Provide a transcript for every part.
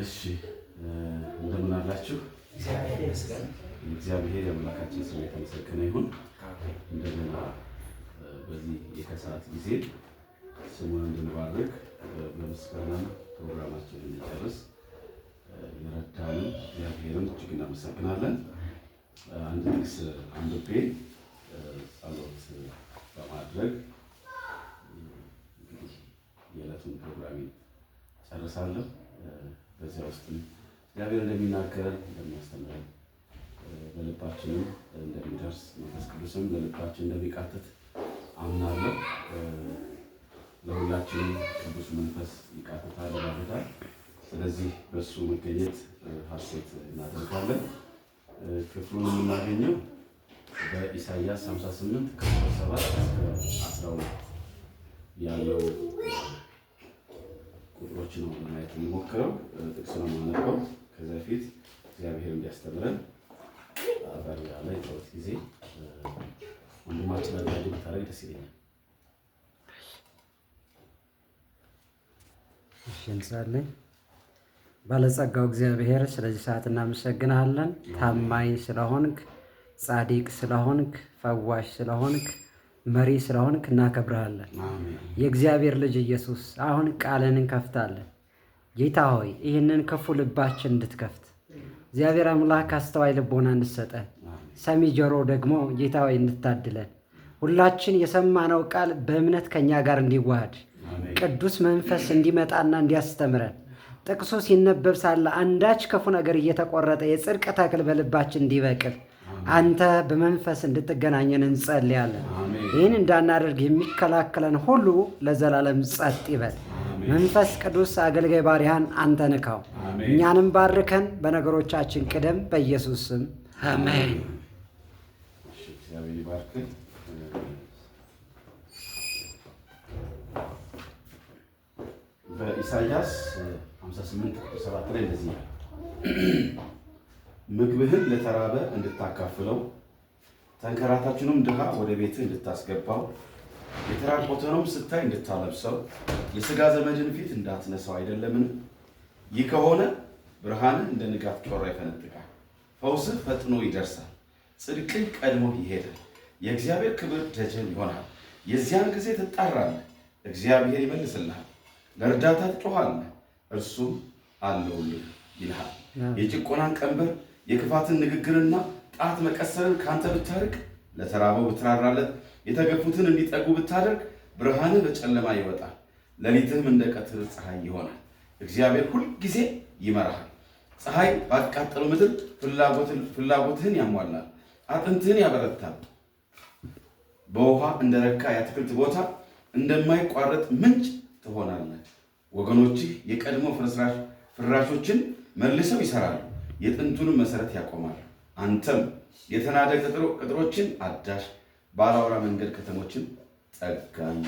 እሺ እንደምን አላችሁ? እግዚአብሔር የአምላካችን ስም የተመሰገነ ይሁን። እንደገና በዚህ የከሰዓት ጊዜ ስሙን እንድንባርክ በምስጋና ፕሮግራማችን እንጨርስ የረዳንን እግዚአብሔርን እጅግ እናመሰግናለን። አንድ ጥቅስ አንብቤ ጸሎት በማድረግ የዕለቱን ፕሮግራሜ ጨርሳለሁ። በዚያ ውስጥም እግዚአብሔር እንደሚናገረን እንደሚያስተምረን ለልባችንም እንደሚደርስ መንፈስ ቅዱስም ለልባችን እንደሚቃትት አምናለሁ። ለሁላችንም ቅዱስ መንፈስ ይቃትታል ይባሉታል። ስለዚህ በእሱ መገኘት ሀሴት እናደርጋለን። ክፍሉን የምናገኘው በኢሳያስ 58 ከ7 እስከ 12 ያለው ቁጥሮችን ነው ማየት የሚሞክረው። ጥቅስ ነው የማነበው። ከዚ በፊት እግዚአብሔር እንዲያስተምረን አባሪ ላይ ጸሎት ጊዜ ወንድማችን አዳጅ ብታደርግ ደስ ይለኛል። እንሳለን ባለጸጋው እግዚአብሔር ስለዚህ ሰዓት እናመሰግናለን። ታማኝ ስለሆንክ፣ ጻዲቅ ስለሆንክ፣ ፈዋሽ ስለሆንክ መሪ ስለሆንክ እናከብረሃለን። የእግዚአብሔር ልጅ ኢየሱስ አሁን ቃልን እንከፍታለን። ጌታ ሆይ ይህንን ክፉ ልባችን እንድትከፍት እግዚአብሔር አምላክ አስተዋይ ልቦና እንድሰጠን፣ ሰሚ ጆሮ ደግሞ ጌታ ሆይ እንድታድለን ሁላችን የሰማነው ቃል በእምነት ከኛ ጋር እንዲዋሃድ ቅዱስ መንፈስ እንዲመጣና እንዲያስተምረን ጥቅሱ ሲነበብ ሳለ አንዳች ክፉ ነገር እየተቆረጠ የጽድቅ ተክል በልባችን እንዲበቅል አንተ በመንፈስ እንድትገናኘን እንጸልያለን። ይህን እንዳናደርግ የሚከላከለን ሁሉ ለዘላለም ጸጥ ይበል። መንፈስ ቅዱስ አገልጋይ ባሪያን አንተ ንካው፣ እኛንም ባርከን፣ በነገሮቻችን ቅደም። በኢየሱስ ስም አሜን። በኢሳያስ 58 ቁጥር 7 ላይ እንደዚህ ምግብህን ለተራበ እንድታካፍለው፣ ተንከራታችንም ድሃ ወደ ቤትህ እንድታስገባው፣ የተራቆተንም ስታይ እንድታለብሰው፣ የሥጋ ዘመድን ፊት እንዳትነሳው አይደለምን? ይህ ከሆነ ብርሃንህ እንደ ንጋት ጮራ ይፈነጥቃል፣ ፈውስህ ፈጥኖ ይደርሳል፣ ጽድቅህ ቀድሞ ይሄዳል፣ የእግዚአብሔር ክብር ደጀን ይሆናል። የዚያን ጊዜ ትጣራለህ፣ እግዚአብሔር ይመልስልሃል፣ ለእርዳታ ትጮኻለህ፣ እርሱም አለውልህ ይልሃል። የጭቆናን ቀንበር የክፋትን ንግግርና ጣት መቀሰርን ካንተ ብታርቅ፣ ለተራበው ብትራራለት፣ የተገፉትን እንዲጠጉ ብታደርግ፣ ብርሃንህ በጨለማ ይወጣል፣ ሌሊትህም እንደ ቀትር ፀሐይ ይሆናል። እግዚአብሔር ሁል ጊዜ ይመራሃል። ፀሐይ ባቃጠለው ምድር ፍላጎትህን ያሟላል፣ አጥንትህን ያበረታል። በውሃ እንደረካ የአትክልት ቦታ እንደማይቋረጥ ምንጭ ትሆናለህ። ወገኖችህ የቀድሞ ፍራሾችን መልሰው ይሰራሉ። የጥንቱንም መሰረት ያቆማል። አንተም የተናደ ቅጥሮችን አዳሽ፣ ባላውራ መንገድ ከተሞችን ጠጋኝ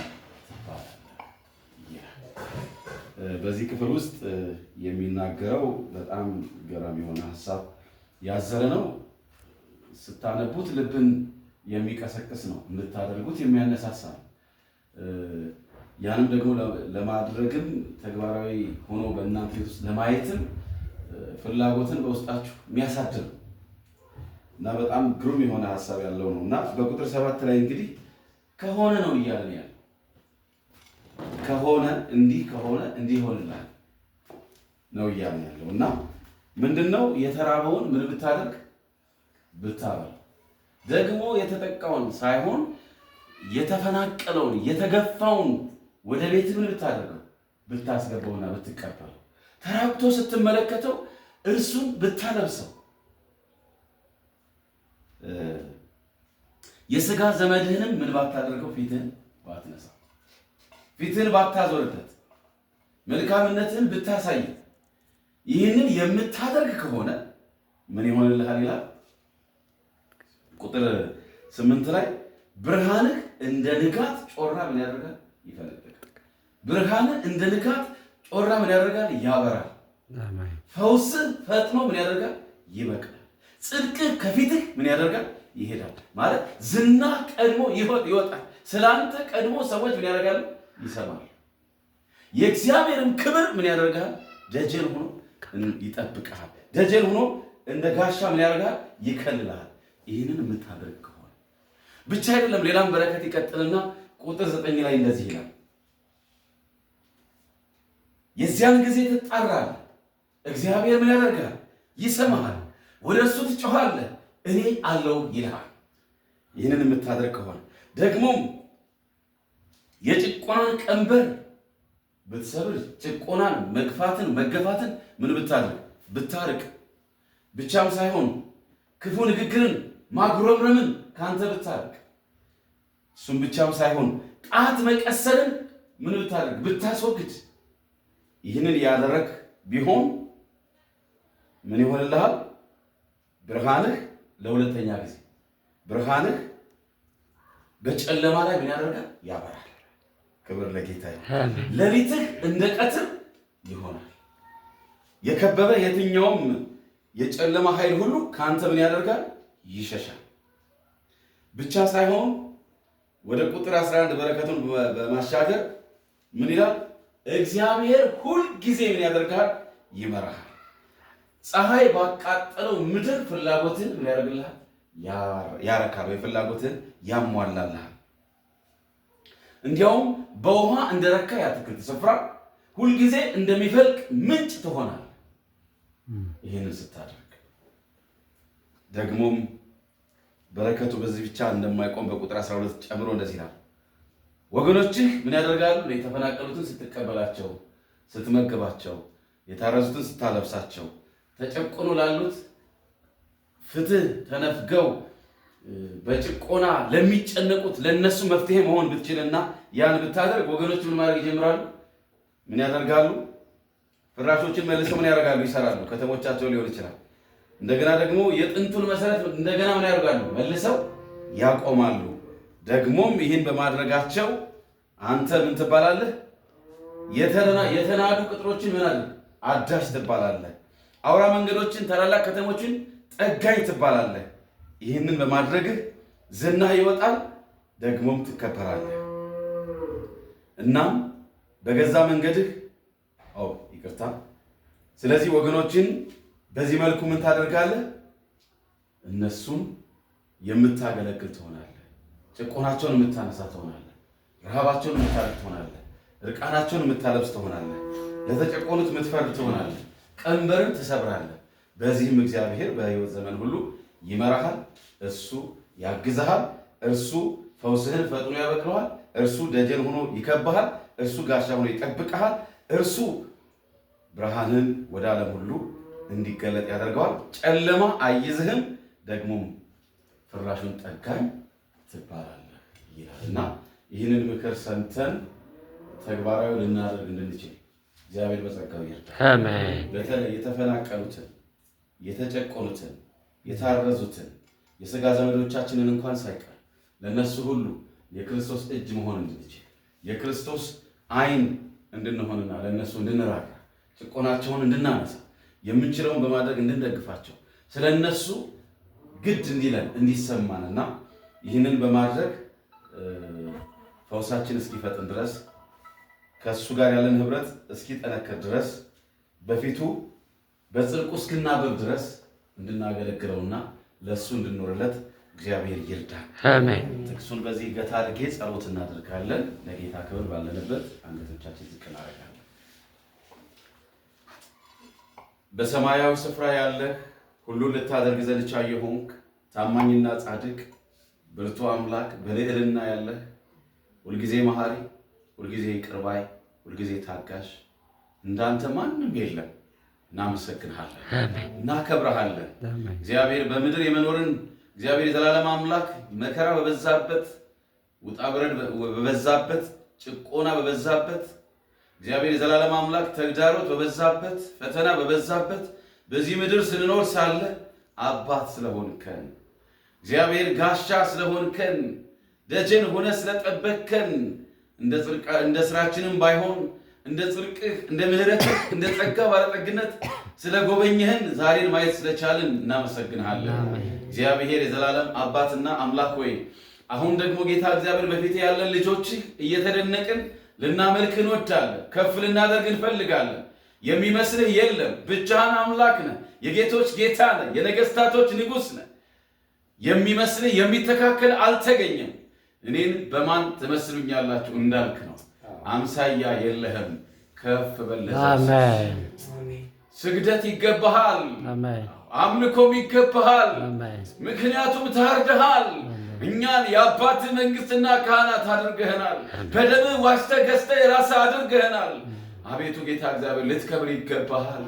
ትባላለህ። በዚህ ክፍል ውስጥ የሚናገረው በጣም ገራሚ የሆነ ሀሳብ ያዘለ ነው። ስታነቡት ልብን የሚቀሰቅስ ነው። እንድታደርጉት የሚያነሳሳ ያንም ደግሞ ለማድረግም ተግባራዊ ሆኖ በእናንተ ቤት ውስጥ ለማየትም ፍላጎትን በውስጣችሁ የሚያሳድር እና በጣም ግሩም የሆነ ሀሳብ ያለው ነው እና በቁጥር ሰባት ላይ እንግዲህ ከሆነ ነው እያለን ያለ ከሆነ እንዲህ ከሆነ እንዲህ ይሆንላል ነው እያለ ያለው እና ምንድን ነው የተራበውን ምን ብታደርግ ብታበል ደግሞ የተጠቃውን ሳይሆን የተፈናቀለውን የተገፋውን ወደ ቤት ምን ብታደርገው ብታስገባውና ብትቀበለው ተራብቶ ስትመለከተው እርሱን ብታለብሰው የስጋ ዘመድህንም ምን ባታደርገው፣ ፊትህን ባትነሳ፣ ፊትህን ባታዞርበት፣ መልካምነትህን ብታሳይ፣ ይህንን የምታደርግ ከሆነ ምን ይሆንልሃል ይላል። ቁጥር ስምንት ላይ ብርሃንህ እንደ ንጋት ጮራ ምን ያደርጋል? ይፈነጥቃል። ብርሃንህ እንደ ንጋት ጮራ ምን ያደርጋል? ያበራል። ፈውስህ ፈጥኖ ምን ያደርጋል? ይበቅላል። ጽድቅህ ከፊትህ ምን ያደርጋል? ይሄዳል። ማለት ዝና ቀድሞ ይወጣል። ስለአንተ ቀድሞ ሰዎች ምን ያደርጋሉ? ይሰማል። የእግዚአብሔርም ክብር ምን ያደርጋል? ደጀን ሆኖ ይጠብቃል? ደጀን ሆኖ እንደ ጋሻ ምን ያደርጋል? ይከልልሃል። ይህንን የምታደርግ ከሆነ ብቻ አይደለም። ሌላም በረከት ይቀጥልና ቁጥር ዘጠኝ ላይ እንደዚህ ይላል፣ የዚያን ጊዜ ትጣራለህ እግዚአብሔር ምን ያደርጋል? ይሰማሃል። ወደ እሱ ትጮኻለህ፣ እኔ አለው ይልሃል። ይህንን የምታደርግ ከሆነ ደግሞም የጭቆናን ቀንበር ብትሰብር፣ ጭቆናን፣ መግፋትን፣ መገፋትን ምን ብታደርግ ብታርቅ፣ ብቻም ሳይሆን ክፉ ንግግርን፣ ማጉረምረምን ከአንተ ብታርቅ፣ እሱም ብቻም ሳይሆን ጣት መቀሰልን ምን ብታደርግ ብታስወግድ፣ ይህንን ያደረግ ቢሆን ምን ይሆንልሃል? ብርሃንህ ለሁለተኛ ጊዜ ብርሃንህ በጨለማ ላይ ምን ያደርጋል? ያበራል። ክብር ለጌታ። ሌሊትህ እንደ ቀትር ይሆናል። የከበበ የትኛውም የጨለማ ኃይል ሁሉ ከአንተ ምን ያደርጋል? ይሸሻል። ብቻ ሳይሆን ወደ ቁጥር 11 በረከቱን በማሻገር ምን ይላል? እግዚአብሔር ሁልጊዜ ምን ያደርጋል? ይመራሃል። ፀሐይ ባቃጠለው ምድር ፍላጎትን ምን ያደርግልሃል? ያረካል፣ ወይ ፍላጎትን ያሟላልሃል። እንዲያውም በውሃ እንደረካ የአትክልት ስፍራ ሁልጊዜ እንደሚፈልቅ ምንጭ ትሆናል። ይህንን ስታደርግ ደግሞም በረከቱ በዚህ ብቻ እንደማይቆም በቁጥር 12 ጨምሮ እንደዚህ ይላል። ወገኖችህ ምን ያደርጋሉ? የተፈናቀሉትን ስትቀበላቸው፣ ስትመግባቸው፣ የታረዙትን ስታለብሳቸው ተጨቆኑ ላሉት ፍትህ ተነፍገው በጭቆና ለሚጨነቁት ለነሱ መፍትሄ መሆን ብትችልና ያን ብታደርግ ወገኖች ምን ማድረግ ይጀምራሉ? ምን ያደርጋሉ? ፍራሾችን መልሰው ምን ያደርጋሉ? ይሰራሉ። ከተሞቻቸው ሊሆን ይችላል። እንደገና ደግሞ የጥንቱን መሰረት እንደገና ምን ያደርጋሉ? መልሰው ያቆማሉ። ደግሞም ይህን በማድረጋቸው አንተ ምን ትባላለህ? የተናዱ ቅጥሮችን ምን አዳሽ ትባላለህ። አውራ መንገዶችን፣ ታላላቅ ከተሞችን ጠጋኝ ትባላለህ። ይህንን በማድረግህ ዝናህ ይወጣል፣ ደግሞም ትከበራለህ። እናም በገዛ መንገድህ አው ይቅርታ። ስለዚህ ወገኖችን በዚህ መልኩ ምን ታደርጋለህ? እነሱም የምታገለግል ትሆናለህ። ጭቆናቸውን የምታነሳ ትሆናለህ። ረሃባቸውን የምታርቅ ትሆናለህ። እርቃናቸውን የምታለብስ ትሆናለህ። ለተጨቆኑት የምትፈርድ ትሆናለህ። ቀንበርም ትሰብራለህ። በዚህም እግዚአብሔር በህይወት ዘመን ሁሉ ይመራሃል፣ እርሱ ያግዝሃል፣ እርሱ ፈውስህን ፈጥኖ ያበቅለዋል፣ እርሱ ደጀን ሆኖ ይከብሃል፣ እርሱ ጋሻ ሆኖ ይጠብቀሃል እርሱ ብርሃንን ወደ ዓለም ሁሉ እንዲገለጥ ያደርገዋል። ጨለማ አይዝህም፣ ደግሞም ፍራሹን ጠጋኝ ትባላለህ ይላልና ይህንን ምክር ሰምተን ተግባራዊ ልናደርግ እንድንችል እግዚአብሔር በጸጋው ይርዳ። በተለይ የተፈናቀሉትን፣ የተጨቆኑትን፣ የታረዙትን የሥጋ ዘመዶቻችንን እንኳን ሳይቀር ለእነሱ ሁሉ የክርስቶስ እጅ መሆን እንድንችል የክርስቶስ ዓይን እንድንሆንና ለእነሱ እንድንራጋ ጭቆናቸውን እንድናነሳ የምንችለውን በማድረግ እንድንደግፋቸው ስለ እነሱ ግድ እንዲለን እንዲሰማንና ይህንን በማድረግ ፈውሳችን እስኪፈጥን ድረስ ከእሱ ጋር ያለን ህብረት እስኪጠነከር ድረስ በፊቱ በጽድቁ እስክናበብ ድረስ እንድናገለግለውና ለእሱ እንድኖርለት እግዚአብሔር ይርዳ። ጥቅሱን በዚህ ገታ አድርጌ ጸሎት እናደርጋለን። ለጌታ ክብር ባለንበት አንገቶቻችን ዝቅ እናደርጋለን። በሰማያዊ ስፍራ ያለህ ሁሉን ልታደርግ ዘልቻ የሆንክ ታማኝና ጻድቅ ብርቱ አምላክ በልዕልና ያለህ ሁልጊዜ መሐሪ ሁልጊዜ ቅርባይ፣ ሁልጊዜ ታጋሽ እንዳንተ ማንም የለም። እናመሰግንሃለን፣ እናከብረሃለን። እግዚአብሔር በምድር የመኖርን እግዚአብሔር የዘላለም አምላክ መከራ በበዛበት ውጣ ውረድ በበዛበት ጭቆና በበዛበት እግዚአብሔር የዘላለም አምላክ ተግዳሮት በበዛበት ፈተና በበዛበት በዚህ ምድር ስንኖር ሳለ አባት ስለሆንከን እግዚአብሔር ጋሻ ስለሆንከን ደጀን ሆነ ስለጠበከን። እንደ ስራችንም ባይሆን እንደ ጽድቅህ እንደ ምሕረትህ እንደ ጸጋ ባለጠግነት ስለ ጎበኘህን ዛሬን ማየት ስለቻልን እናመሰግንሃለን። እግዚአብሔር የዘላለም አባትና አምላክ ሆይ አሁን ደግሞ ጌታ እግዚአብሔር በፊት ያለን ልጆችህ እየተደነቅን ልናመልክ እንወዳለን። ከፍ ልናደርግ እንፈልጋለን። የሚመስልህ የለም። ብቻህን አምላክ ነህ። የጌቶች ጌታ ነህ። የነገስታቶች ንጉሥ ነህ። የሚመስልህ የሚተካከል አልተገኘም። እኔን በማን ትመስሉኛላችሁ እንዳልክ ነው። አምሳያ የለህም ከፍ በለሰ። ስግደት ይገባሃል፣ አምልኮም ይገባሃል። ምክንያቱም ታርደሃል። እኛን የአባት መንግስትና ካህናት አድርገህናል። በደምህ ዋሽተህ ገዝተህ የራስህ አድርገህናል። አቤቱ ጌታ እግዚአብሔር ልትከብር ይገባሃል።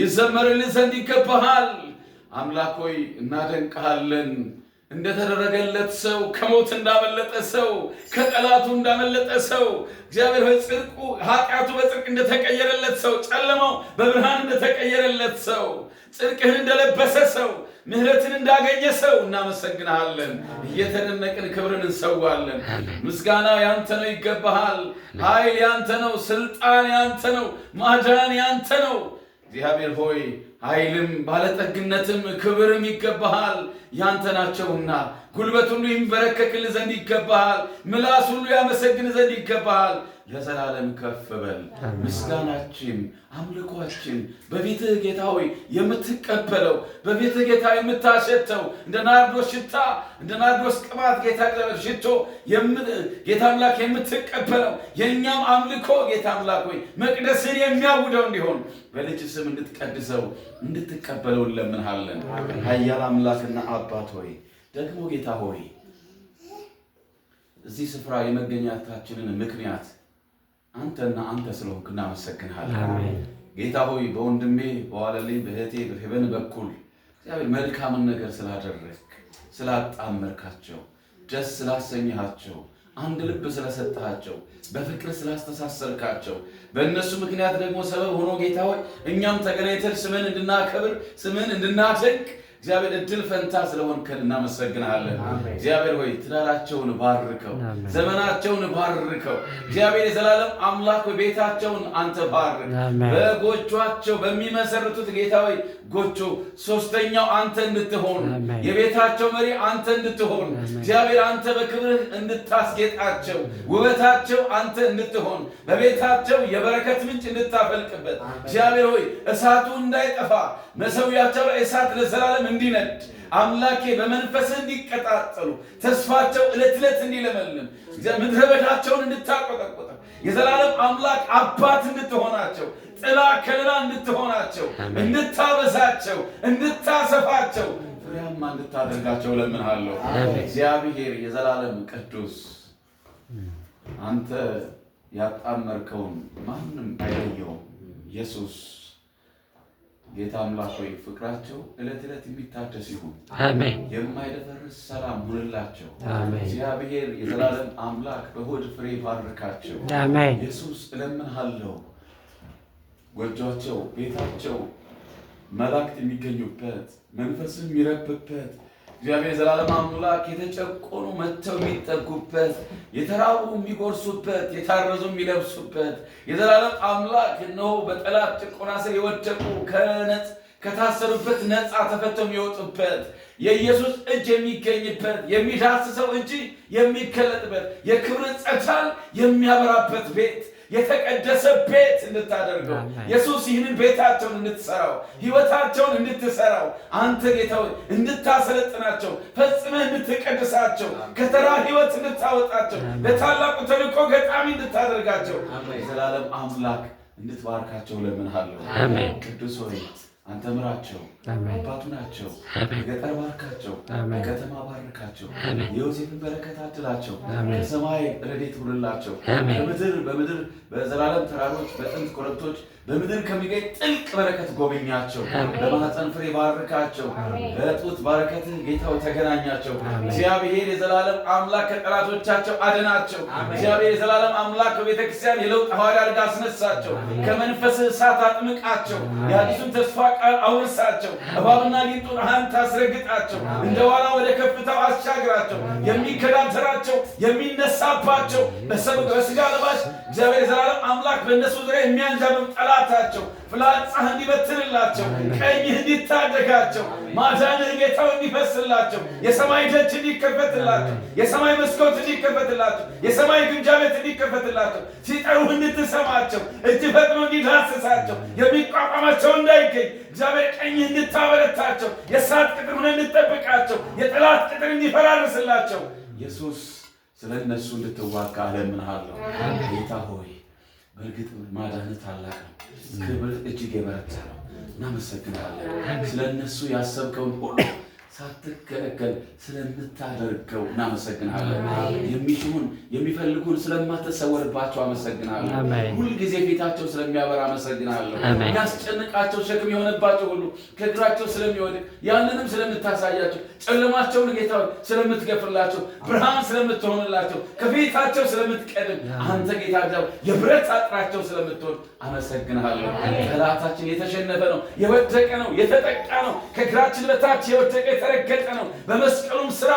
ይዘመርልህ ዘንድ ይገባሃል። አምላክ ሆይ እንደተደረገለት ሰው ከሞት እንዳመለጠ ሰው ከጠላቱ እንዳመለጠ ሰው እግዚአብሔር በጽድቁ ኃጢአቱ በጽድቅ እንደተቀየረለት ሰው ጨለማው በብርሃን እንደተቀየረለት ሰው ጽድቅህን እንደለበሰ ሰው ምሕረትን እንዳገኘ ሰው እናመሰግንሃለን። እየተደነቅን ክብርን እንሰዋለን። ምስጋና ያንተ ነው፣ ይገባሃል። ኃይል ያንተ ነው፣ ስልጣን ያንተ ነው፣ ማዳን ያንተ ነው። እግዚአብሔር ሆይ ኃይልም ባለጠግነትም ክብርም ይገባሃል፣ ያንተ ናቸውና ጉልበት ሁሉ ይንበረከክል ዘንድ ይገባሃል፣ ምላስ ሁሉ ያመሰግን ዘንድ ይገባሃል። ለዘላለም ከፍ በል። ምስጋናችን አምልኳችን በቤትህ ጌታ ሆይ የምትቀበለው በቤትህ ጌታ የምታሸተው እንደ ናርዶስ ሽታ እንደ ናርዶስ ቅባት ጌታ እግዚአብሔር ሽቶ ጌታ አምላክ የምትቀበለው የእኛም አምልኮ ጌታ አምላክ ሆይ መቅደስን የሚያውደው እንዲሆን በልጅ ስም እንድትቀድሰው እንድትቀበለው እንለምንሃለን። ኃያል አምላክና አባት ሆይ ደግሞ ጌታ ሆይ እዚህ ስፍራ የመገኘታችንን ምክንያት አንተና አንተ ስለሆንክ እናመሰግንሃለን። ጌታ ሆይ በወንድሜ በዋለልኝ በእህቴ በፌበን በኩል እግዚአብሔር መልካምን ነገር ስላደረግ ስላጣመርካቸው ደስ ስላሰኘሃቸው አንድ ልብ ስለሰጠሃቸው በፍቅር ስላስተሳሰርካቸው በእነሱ ምክንያት ደግሞ ሰበብ ሆኖ ጌታ ሆይ እኛም ተገናኝተን ስምን እንድናከብር ስምን እንድናደግ እግዚአብሔር እድል ፈንታ ስለሆንከን እናመሰግናለን። እግዚአብሔር ወይ ትዳራቸውን ባርከው፣ ዘመናቸውን ባርከው። እግዚአብሔር የዘላለም አምላክ ቤታቸውን አንተ ባርክ። በጎቿቸው በሚመሰርቱት ጌታ ወይ ጎቾ ሶስተኛው አንተ እንድትሆን የቤታቸው መሪ አንተ እንድትሆን እግዚአብሔር አንተ በክብርህ እንድታስጌጣቸው ውበታቸው አንተ እንድትሆን በቤታቸው የበረከት ምንጭ እንድታፈልቅበት እግዚአብሔር ሆይ እሳቱ እንዳይጠፋ መሰዊያቸው ላይ እሳት ለዘላለም እንዲነድ አምላኬ በመንፈስ እንዲቀጣጠሉ ተስፋቸው እለት እለት እንዲለመልም ምድረ በዳቸውን እንድታቆጠቆጠ የዘላለም አምላክ አባት እንድትሆናቸው ጥላ ከለላ እንድትሆናቸው እንድታበሳቸው እንድታሰፋቸው ፍሬያማ እንድታደርጋቸው እለምንሃለሁ። እግዚአብሔር የዘላለም ቅዱስ አንተ ያጣመርከውን ማንም አይለየውም ኢየሱስ ጌታ አምላክ ሆይ ፍቅራቸው ዕለት ዕለት የሚታደስ ይሁን። አሜን። የማይደፈርስ ሰላም ሁንላቸው። አሜን። እግዚአብሔር የዘላለም አምላክ በሆድ ፍሬ ባርካቸው። አሜን። ኢየሱስ እለምንሃለሁ፣ ጎጆቸው፣ ቤታቸው መላእክት የሚገኙበት መንፈስም የሚረብበት እግዚአብሔር የዘላለም አምላክ የተጨቆኑ መጥተው የሚጠጉበት፣ የተራቡ የሚጎርሱበት፣ የታረዙ የሚለብሱበት የዘላለም አምላክ እነሆ በጠላት ጭቆና ስር የወደቁ ከነጽ ከታሰሩበት ነፃ ተፈተው የሚወጡበት የኢየሱስ እጅ የሚገኝበት የሚዳስሰው እንጂ የሚገለጥበት የክብርን ጸዳል የሚያበራበት ቤት የተቀደሰ ቤት እንድታደርገው ኢየሱስ ይህንን ቤታቸውን እንድትሰራው ህይወታቸውን እንድትሰራው አንተ ጌታ እንድታሰለጥናቸው ፈጽመህ እንድትቀድሳቸው ከተራ ህይወት እንድታወጣቸው ለታላቁ ተልእኮ ገጣሚ እንድታደርጋቸው የዘላለም አምላክ እንድትባርካቸው ለምንሃለሁ። ቅዱስ ሆይ አንተ ምራቸው። አባቱ ናቸው። ገጠር ባርካቸው፣ ከተማ ባርካቸው። የዮሴፍን በረከት አድላቸው። ከሰማይ ረዴት ሁንላቸው። በምድር በምድር በዘላለም ተራሮች፣ በጥንት ኮረብቶች፣ በምድር ከሚገኝ ጥልቅ በረከት ጎበኛቸው። በማህፀን ፍሬ ባርካቸው። በጡት ባረከት ጌታው ተገናኛቸው። እግዚአብሔር የዘላለም አምላክ ከጠላቶቻቸው አድናቸው። እግዚአብሔር የዘላለም አምላክ በቤተክርስቲያን የለውጥ ሐዋርያ አድርጋ አስነሳቸው። ከመንፈስ እሳት አጥምቃቸው። የአዲሱን ተስፋ ቃል አውርሳቸው። አስረግጣቸው፣ እባብና ጊንጡን አንተ ታስረግጣቸው፣ እንደ ዋላ ወደ ከፍታው አስቻግራቸው። የሚከዳተራቸው የሚነሳባቸው በስጋ ለባሽ እግዚአብሔር ዘላለም አምላክ በእነሱ ዙሪያ የሚያንዣብብ ጠላታቸው ፍላጻህ እንዲበትንላቸው፣ ቀኝህ እንዲታደጋቸው፣ ማዳንህ ጌታው እንዲፈስላቸው፣ የሰማይ ደጅ እንዲከፈትላቸው፣ የሰማይ መስኮት እንዲከፈትላቸው፣ የሰማይ ግምጃ ቤት እንዲከፈትላቸው፣ ሲጠሩህ እንድትሰማቸው፣ እጅ ፈጥኖ እንዲዳስሳቸው፣ የሚቋቋማቸው እንዳይገኝ እግዚአብሔር ቀኝህ እንድታበረታቸው፣ የእሳት ቅጥር ሆነ እንድጠብቃቸው፣ የጠላት ቅጥር እንዲፈራርስላቸው ኢየሱስ ስለ እነሱ እንድትዋጋ አለምንሃለሁ ጌታ ሆይ በእርግጥ ማዳን ታላቅ ነው፣ ክብር እጅግ የበረታ ነው። እናመሰግናለን ስለ እነሱ ያሰብከውን ሁሉ ሳትከለከል ስለምታደርገው እናመሰግናለን። የሚሽሁን የሚፈልጉን ስለማትሰወርባቸው አመሰግናለሁ። ሁልጊዜ ፊታቸው ስለሚያበራ አመሰግናለሁ። ያስጨንቃቸው ሸክም የሆነባቸው ሁሉ ከእግራቸው ስለሚወድቅ ያንንም ስለምታሳያቸው፣ ጨለማቸውን ጌታ ስለምትገፍላቸው፣ ብርሃን ስለምትሆንላቸው፣ ከፊታቸው ስለምትቀድም፣ አንተ ጌታ የብረት አጥራቸው ስለምትሆን አመሰግናለሁ። ጠላታችን የተሸነፈ ነው፣ የወደቀ ነው፣ የተጠቃ ነው፣ ከእግራችን በታች የወደቀ የተረገጠ ነው። በመስቀሉም ስራ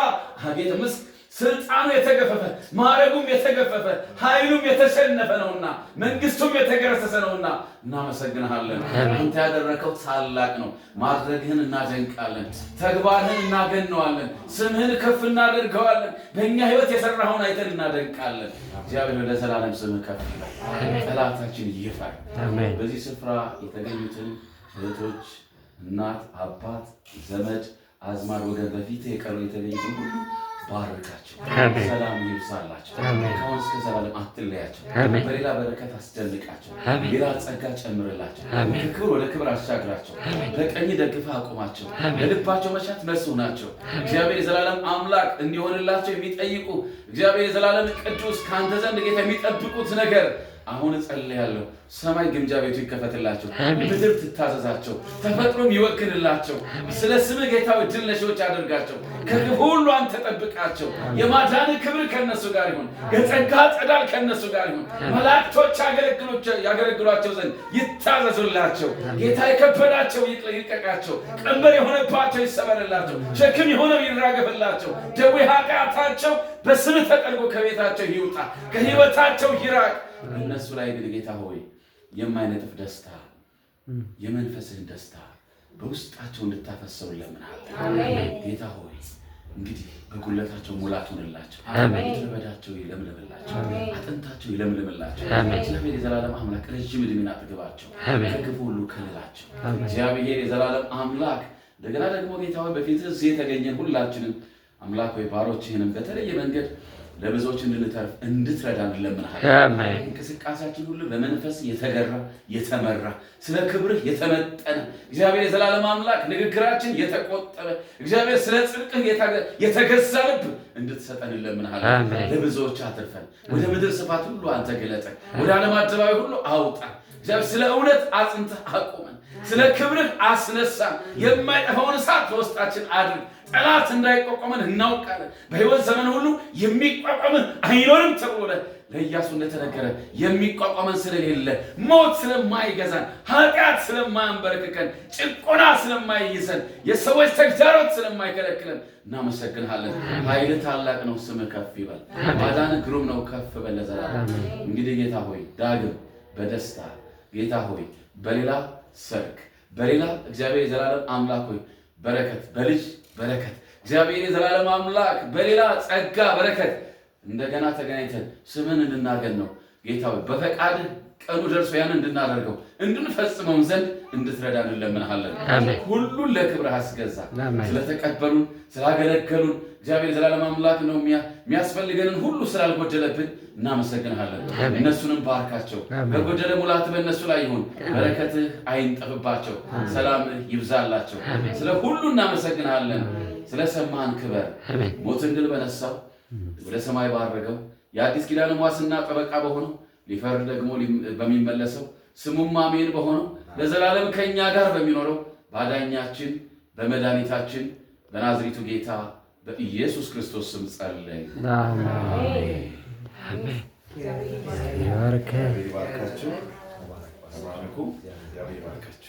ጌት ምስ ስልጣኑ የተገፈፈ ማዕረጉም የተገፈፈ ኃይሉም የተሸነፈ ነውና መንግስቱም የተገረሰሰ ነውና እናመሰግንሃለን። አንተ ያደረከው ታላቅ ነው። ማድረግህን እናደንቃለን፣ ተግባርህን እናገነዋለን፣ ስምህን ከፍ እናደርገዋለን። በእኛ ህይወት የሰራኸውን አይተን እናደንቃለን። እግዚአብሔር ወደ ዘላለም ስምህ ከፍ ጠላታችን ይፈራል። በዚህ ስፍራ የተገኙትን እህቶች፣ እናት፣ አባት፣ ዘመድ አዝማድ ወደ በፊት የቀሩ የተለዩትን ሁሉ ባረካቸው፣ ሰላም ይብዛላቸው፣ ከአሁን እስከ ዘላለም አትለያቸው፣ በሌላ በረከት አስደንቃቸው፣ ሌላ ጸጋ ጨምርላቸው፣ ከክብር ወደ ክብር አሻግራቸው፣ በቀኝ ደግፈ አቁማቸው፣ ለልባቸው መሻት መልስ ናቸው። እግዚአብሔር የዘላለም አምላክ እንዲሆንላቸው የሚጠይቁ እግዚአብሔር የዘላለም ቅዱስ ከአንተ ዘንድ ጌታ የሚጠብቁት ነገር አሁን እጸልያለሁ፣ ሰማይ ግምጃ ቤቱ ይከፈትላቸው፣ ምድር ትታዘዛቸው፣ ተፈጥሮም ይወክልላቸው። ስለ ስምህ ጌታ ድል ነሺዎች አድርጋቸው። ከክፉ ሁሉ አንተ ጠብቃቸው። የማዳን ክብር ከነሱ ጋር ይሁን። የጸጋ ጸዳል ከነሱ ጋር ይሁን። መላእክቶች ያገለግሏቸው ዘንድ ይታዘዙላቸው። ጌታ የከበዳቸው ይልቀቃቸው። ቀንበር የሆነባቸው ይሰበርላቸው። ሸክም የሆነው ይራገፍላቸው። ደዌ ኃጢአታቸው በስም ተጠርጎ ከቤታቸው ይውጣ፣ ከህይወታቸው ይራቅ። እነሱ ላይ ግን ጌታ ሆይ የማይነጥፍ ደስታ የመንፈስህን ደስታ በውስጣቸው እንድታፈሰው ለምናል። ጌታ ሆይ እንግዲህ በጉልበታቸው ሙላት ሆንላቸው፣ ዘመዳቸው ይለምልምላቸው፣ አጥንታቸው ይለምልምላቸው። እግዚአብሔር የዘላለም አምላክ ረዥም ዕድሜን አጥግባቸው፣ ከክፉ ሁሉ ከልላቸው። እግዚአብሔር የዘላለም አምላክ እንደገና ደግሞ ጌታ በፊት እዚህ የተገኘን ሁላችንም አምላክ ወይ ባሮችህንም በተለየ መንገድ ለብዙዎች እንድንተርፍ እንድትረዳ እንለምንሃል። እንቅስቃሴያችን ሁሉ በመንፈስ የተገራ የተመራ ስለ ክብርህ የተመጠነ እግዚአብሔር የዘላለም አምላክ ንግግራችን የተቆጠበ እግዚአብሔር ስለ ጽድቅህ የተገዛ ልብ እንድትሰጠን እንለምናል። ለብዙዎች አትርፈን ወደ ምድር ስፋት ሁሉ አንተ ገለጠ፣ ወደ ዓለም አደባባይ ሁሉ አውጣ። እግዚአብሔር ስለ እውነት አጽንተህ አቁመን ስለ ክብርህ አስነሳን። የማይጠፋውን እሳት በውስጣችን አድርግ። ጠላት እንዳይቋቋመን እናውቃለን። በህይወት ዘመን ሁሉ የሚቋቋምን አይኖርም ተብሎ ለኢያሱ እንደተነገረ የሚቋቋመን ስለሌለ፣ ሞት ስለማይገዛን፣ ኃጢአት ስለማያንበረክከን፣ ጭቆና ስለማይይዘን፣ የሰዎች ተግዳሮት ስለማይከለክለን እናመሰግንሃለን። ኃይል ታላቅ ነው፣ ስም ከፍ ይበል። ማዳን ግሩም ነው፣ ከፍ በለዘላ እንግዲህ ጌታ ሆይ ዳግም በደስታ ጌታ ሆይ በሌላ ሰርክ በሌላ እግዚአብሔር የዘላለም አምላክ ሆይ በረከት በልጅ በረከት እግዚአብሔር የዘላለም አምላክ በሌላ ጸጋ በረከት እንደገና ተገናኝተን ስምን እንድናገን ነው ጌታ በፈቃድህ ቀኑ ደርሶ ያን እንድናደርገው እንድንፈጽመውን ዘንድ እንድትረዳን እንለምንሃለን። ሁሉን ለክብርህ አስገዛ። ስለተቀበሉን፣ ስላገለገሉን እግዚአብሔር ዘላለም አምላክ ነው። የሚያስፈልገንን ሁሉ ስላልጎደለብን እናመሰግንሃለን። እነሱንም ባርካቸው። በጎደለ ሙላት በእነሱ ላይ ይሁን። በረከትህ አይንጠፍባቸው፣ ሰላምህ ይብዛላቸው። ስለ ሁሉ እናመሰግንሃለን። ስለሰማን ክበር ሞትን ድል በነሳው ወደ ሰማይ ባረገው የአዲስ ኪዳን ዋስና ጠበቃ በሆነው ሊፈርድ ደግሞ በሚመለሰው ስሙም አሜን በሆነው ለዘላለም ከእኛ ጋር በሚኖረው ባዳኛችን በመድኃኒታችን በናዝሪቱ ጌታ በኢየሱስ ክርስቶስ ስም ጸለይ። ባርካችሁ